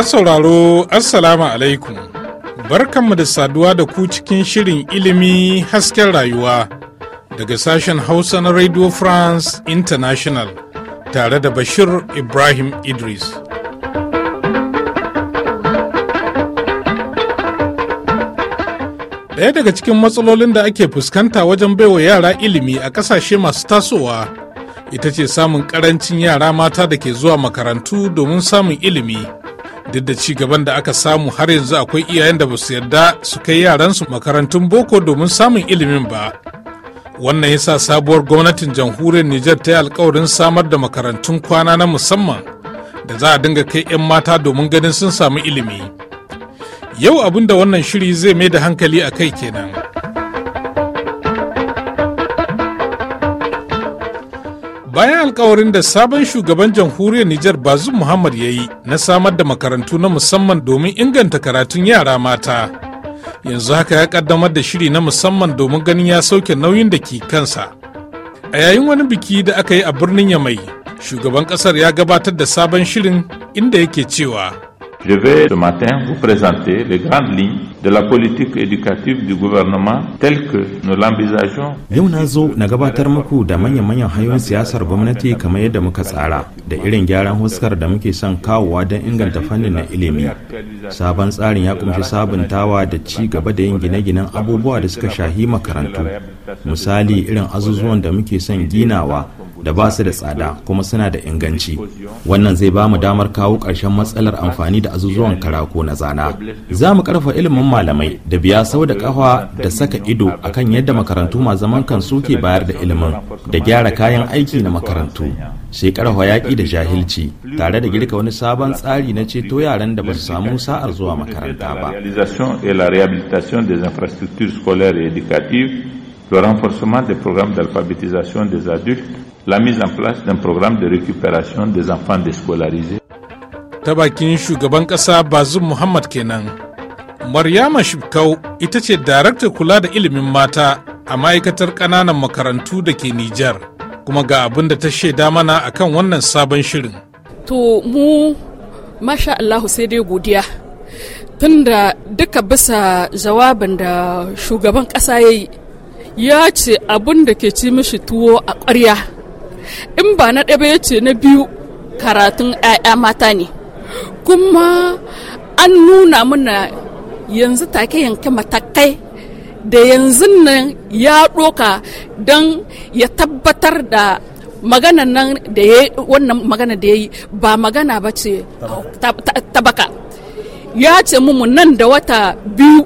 Masu sauraro Assalamu alaikum. Barkanmu da saduwa da ku cikin shirin ilimi hasken rayuwa daga sashen Hausa na Radio France International tare da Bashir Ibrahim Idris. Ɗaya daga cikin matsalolin da ake fuskanta wajen baiwa yara ilimi a ƙasashe masu tasowa ita ce samun ƙarancin yara mata da ke zuwa makarantu domin samun ilimi. duk da ci gaban da aka samu har yanzu akwai iyayen da basu yarda su kai yaransu makarantun boko domin samun ilimin ba wannan yasa sabuwar gwamnatin jamhuriyar nijar ta yi alkawarin samar da makarantun kwana na musamman da za a dinga kai 'yan mata domin ganin sun samu ilimi yau abinda wannan shiri zai mai da hankali a kai kenan. bayan alkawarin da sabon shugaban jamhuriyar nijar bazum muhammad ya yi na samar da makarantu na musamman domin inganta karatun yara mata yanzu haka ya kaddamar da shiri na musamman domin ganin ya sauke nauyin da ke kansa a yayin wani biki da aka yi a birnin yamai shugaban kasar ya gabatar da sabon shirin inda yake cewa Je vais ce matin vous présenter les grandes lignes de la politique éducative du gouvernement telle que nous l'envisageons. Yau na zo na gabatar muku da manya manyan hanyoyin siyasar gwamnati kamar yadda muka tsara da irin gyaran huskar da muke son kawowa don inganta fannin na ilimi. Sabon tsarin ya kunshi sabuntawa da ci gaba da yin gine-ginen abubuwa da suka shahi makarantu. Misali irin azuzuwan da muke son ginawa da ba su da tsada kuma suna da inganci wannan zai ba mu damar kawo ƙarshen matsalar amfani da azuzuwan karako na zana za mu ƙarfa ilimin malamai da biya sau da ƙafa da saka ido akan yadda makarantu ma zaman kansu ke bayar da ilimin da gyara kayan aiki na makarantu shekarar ƙarfa da jahilci tare da girka wani sabon tsari na ceto yaran da ba su samu sa'ar zuwa makaranta ba. le renforcement des programmes d'alphabétisation des adultes, la mise en place d'un programme de récupération des enfants déscolarisés. Ta bakin shugaban ƙasa Bazum Muhammad kenan. Maryama Shibkau ita ce daraktar kula da ilimin mata a ma'aikatar ƙananan makarantu da ke Nijar, kuma ga abin da ta shaida mana akan wannan sabon shirin. To mu masha Allahu sai dai godiya tunda duka bisa jawabin da shugaban ƙasa ya ya ce abin da ke ci mishi tuwo a ƙwarya in ba na ɗaya ya ce na biyu karatun 'ya'ya mata ne kuma an nuna mana yanzu take yanke matakai da yanzu nan ya ɗoka don ya tabbatar da magana nan da ya wannan magana da ya yi ba magana ba ce ta ya ce mu nan da wata biyu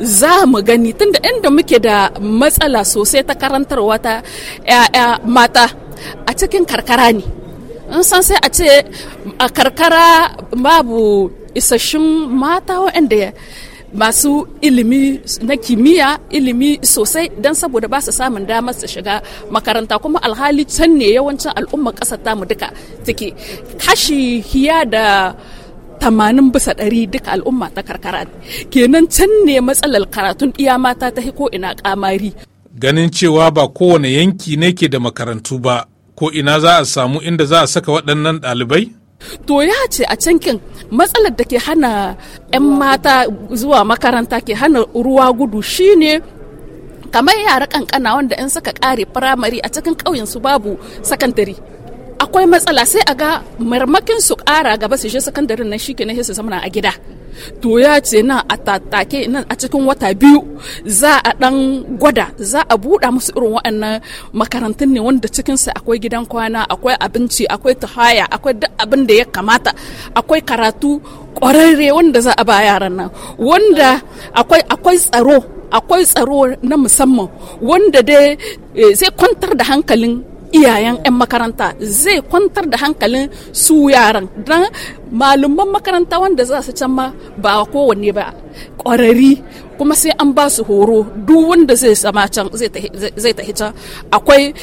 za mu gani tunda inda muke da matsala sosai ta karantar wata 'ya'ya mata a cikin karkara ne in san sai a ce a karkara babu isasshen mata waɗanda masu ilimi na kimiyya ilimi sosai don saboda ba su samun damar su shiga makaranta kuma alhali can ne yawancin al'ummar ƙasar tamu duka take kashi hiya da tamanin bisa ɗari duka al'umma ta karkara kenan can ne matsalar karatun ɗiya mata ta ko ina kamari. ganin cewa ba kowane yanki ne ke da makarantu ba ko ina za a samu inda za a saka waɗannan ɗalibai to ya ce a cankin matsalar da ke hana 'yan mata zuwa makaranta ke hana ruwa gudu shine kamar yara kankana wanda yan suka kare firamare a cikin ƙauyen su babu sakandare akwai matsala sai a ga marmakin su ƙara gaba su je sakandaren nan shike na su zamana a gida to ya ce nan a tattake nan a cikin wata biyu za a dan gwada za a buɗa musu irin waɗannan makarantun ne wanda cikinsu akwai gidan kwana akwai abinci akwai tuhaya akwai duk abin da ya kamata akwai karatu ƙwararre wanda za a ba yaran nan wanda akwai tsaro akwai tsaro na musamman wanda dai eh, zai kwantar da hankalin iyayen 'yan makaranta zai kwantar da hankalin su yaran don malaman makaranta wanda za su can ma ba kowanne ba ƙwararri kuma sai an ba su horo duk wanda zai sama can zai can akwai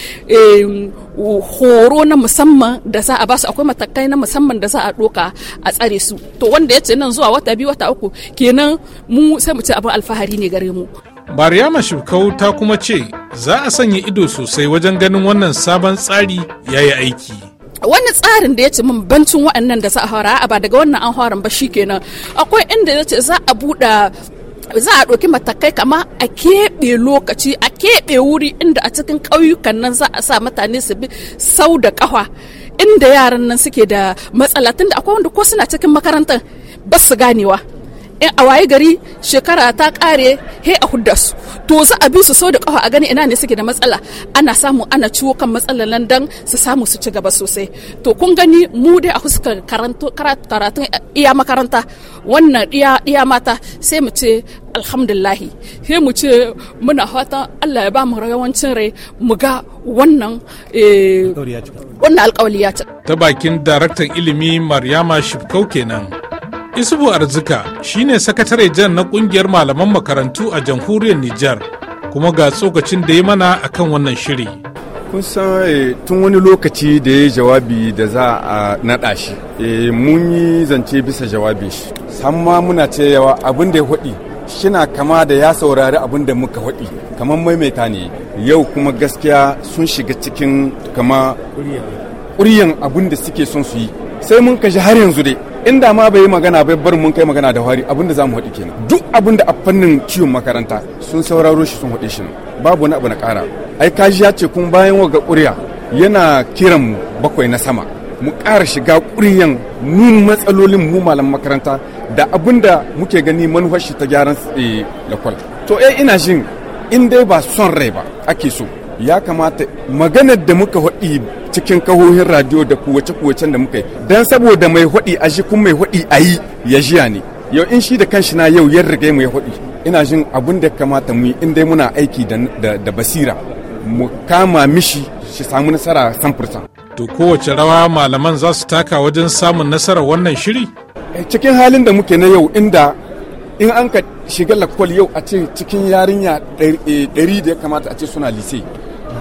horo na musamman da za a ba su akwai matakai na musamman da za a ɗoka a tsare su to wanda ya ce nan zuwa wata biyu wata uku kenan mu sai mu ce abin alfahari ne gare mu bariyama shukau ta kuma ce za a sanya ido sosai wajen ganin wannan sabon tsari ya yi aiki wani tsarin da ya ce min bancin waɗannan da za a hara a ba daga wannan an horon ba shi kenan akwai inda ya ce za a buɗe za a ɗauki matakai kama a keɓe lokaci a keɓe wuri inda a cikin ƙauyukan nan za a sa mutane su bi sau da ƙafa inda yaran nan suke da matsala tunda akwai wanda ko suna cikin makarantar ba su ganewa in a waye gari shekara ta kare he a hudda to za a su so da kafa a gani ina ne suke da matsala ana samu ana ciwo kan matsalar nan dan su samu su ci gaba sosai to kun gani mu dai a huskar karatu eh, iya makaranta wannan iya mata sai mu ce alhamdulahi sai mu ce muna fatan Allah ya ba mu rayuwancin rai mu ga wannan eh, wannan alkawali ya ci ta bakin daraktan ilimi Maryama Shifkau kenan isubu arzika shine sakatare jan na kungiyar malaman makarantu a jamhuriyar nijar kuma ga tsokacin da ya mana akan wannan shiri kun san eh, tun wani lokaci da ya jawabi da za a naɗa shi eh, mun yi zance bisa jawabin shi samma muna ce yawa abin da ya haɗi shina kama da ya saurari abin da muka haɗi kamar maimaita ne yau kuma gaskiya sun shiga cikin kama ƙuryan abin da suke son su yi sai mun kashe har yanzu dai in da ma bai yi magana bai bar mun kai magana da wari abin da mu haɗi kenan duk abin da a fannin ciwon makaranta sun sauraro shi sun haɗe shi babu wani abu na ƙara ai kaji ce kun bayan waga ƙuriya yana kiran bakwai na sama mu ƙara shiga ƙuriyan nun matsalolin mu malam makaranta da abin da muke gani manufar shi ta gyaran eh, lakwal to eh ina jin in dai ba son rai ba ake so ya kamata maganar da muka haɗi cikin kahohin radio da kuwace-kuwacen da muka yi dan saboda mai hudi a shi kun mai hudi a yi ya jiya ne yau in shi da kanshi na yau ya riga mai hudi ina jin abin da kamata mu yi in dai muna aiki da basira mu kama mishi shi samu nasara samfurta. To kowace rawa malaman za su taka wajen samun nasarar wannan shiri? Eh, cikin halin da muke na yau inda in an ka shiga lakwal yau a ce cikin yarinya ɗari eh, da ya kamata a ce suna lise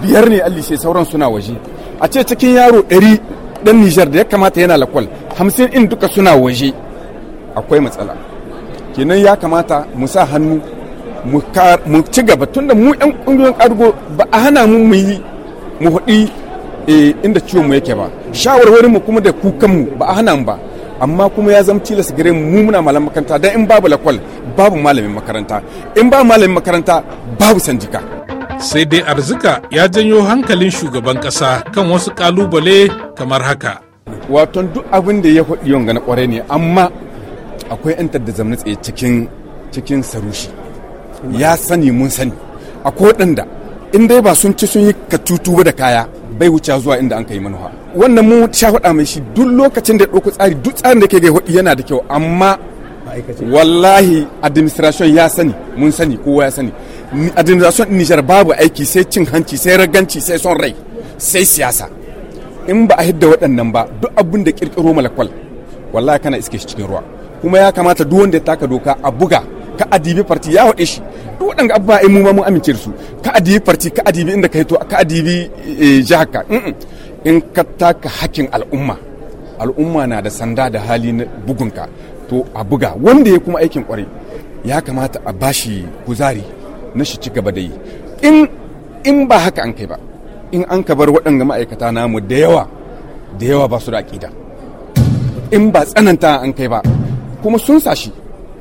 biyar ne a lise sauran suna waje a ce cikin yaro ɗari ɗan nijar da ya kamata yana lakwal hamsin in duka suna waje akwai matsala kenan ya kamata mu sa hannu mu ci gaba tunda mu yan ƙungiyoyin ƙargo ba a hana mu mu yi mu haɗi eh, inda ciwon mu yake ba shawarwarin mu kuma da kukan mu ba a hana mu ba amma kuma ya zama tilas gare mu muna malam makaranta dan in babu lakwal babu malamin makaranta in ba malamin makaranta babu sanjika sai dai arzika ya janyo hankalin shugaban ƙasa kan wasu kalubale kamar haka waton duk abin da ya faɗi yau na ƙwarai ne amma akwai 'yan da zamani tsaye cikin sarushi ya sani mun sani akwai waɗanda in dai ba sun ci sun yi katutu da kaya bai wuce zuwa inda an kai manuwa wannan mun sha faɗa mai shi duk lokacin da ya ɗauko tsari duk tsarin da ke ga yana da kyau amma aikace wallahi administration ya sani mun sani kowa ya sani administration Nijar babu aiki sai cin hanci sai raganci sai son rai sai siyasa in ba a hidda waɗannan ba duk abin da kirkiro malakwal wallahi kana iske shi cikin ruwa kuma ya kamata duk wanda ya taka doka a buga ka adibi farti ya haɗe shi duk waɗanda abubuwa ai mu ma mun amince da su ka adibi farti ka adibi inda ka hito ka adibi eh, jihar ka in ka taka hakkin al'umma al'umma na da sanda da hali na bugunka to a buga wanda ya kuma aikin kwarai ya kamata a bashi kuzari na shi ci gaba da yi in in ba haka an kai ba in an ka bar waɗanga ma'aikata namu da yawa da yawa ba su da aƙida in ba tsananta an kai ba kuma sun sa shi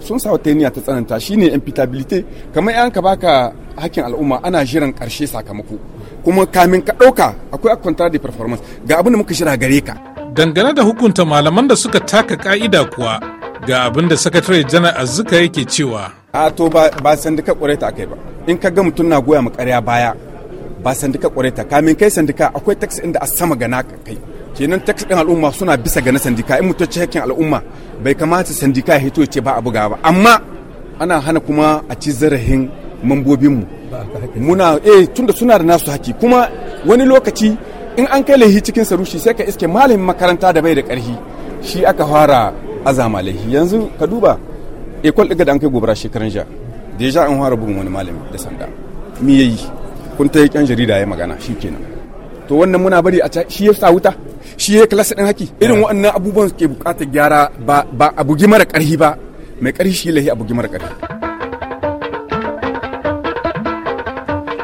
sun sa wata yaniya ta tsananta shine imputability kamar yan ka baka hakin al'umma ana jiran ƙarshe sakamako kuma kamin ka ɗauka akwai akwanta da performance ga abin da muka shira gare ka dangane da hukunta malaman da suka taka ka'ida kuwa ga abin da sakatare janar azuka yake cewa a to ba sandika kwarai ta kai ba in ka ga mutum na goya ma karya baya ba sandika kwarai ta kamin kai sandika akwai taxi inda a sama gana kai kenan taxi din al'umma suna bisa gana sandika in mutum cikin al'umma bai kamata sandika ya hito ya ce ba a buga ba amma ana hana kuma a ci zarafin mambobinmu muna eh tunda suna da nasu haki kuma wani lokaci in an kai lahi cikin sarushi sai ka iske malamin makaranta da bai da karfi shi aka fara azama laifi yanzu ka duba ekol daga da an kai gobara shekaran ja deja an fara bugun wani malami da sanda mi yayi kun ta yi kyan jarida ya magana shi kenan to wannan muna bari a shi ya sa wuta shi ya klasa din haki irin eh. waɗannan abubuwan ke bukatar gyara ba ba a bugi mara ƙarfi ba mai ƙarfi shi lahi a bugi mara ƙarfi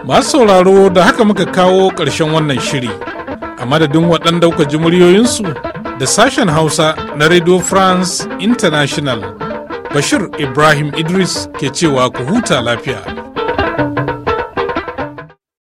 masu sauraro da haka muka kawo ƙarshen wannan shiri a madadin waɗanda kuka ji muryoyinsu da sashen Hausa na Radio France International, Bashir Ibrahim Idris ke cewa ku huta lafiya.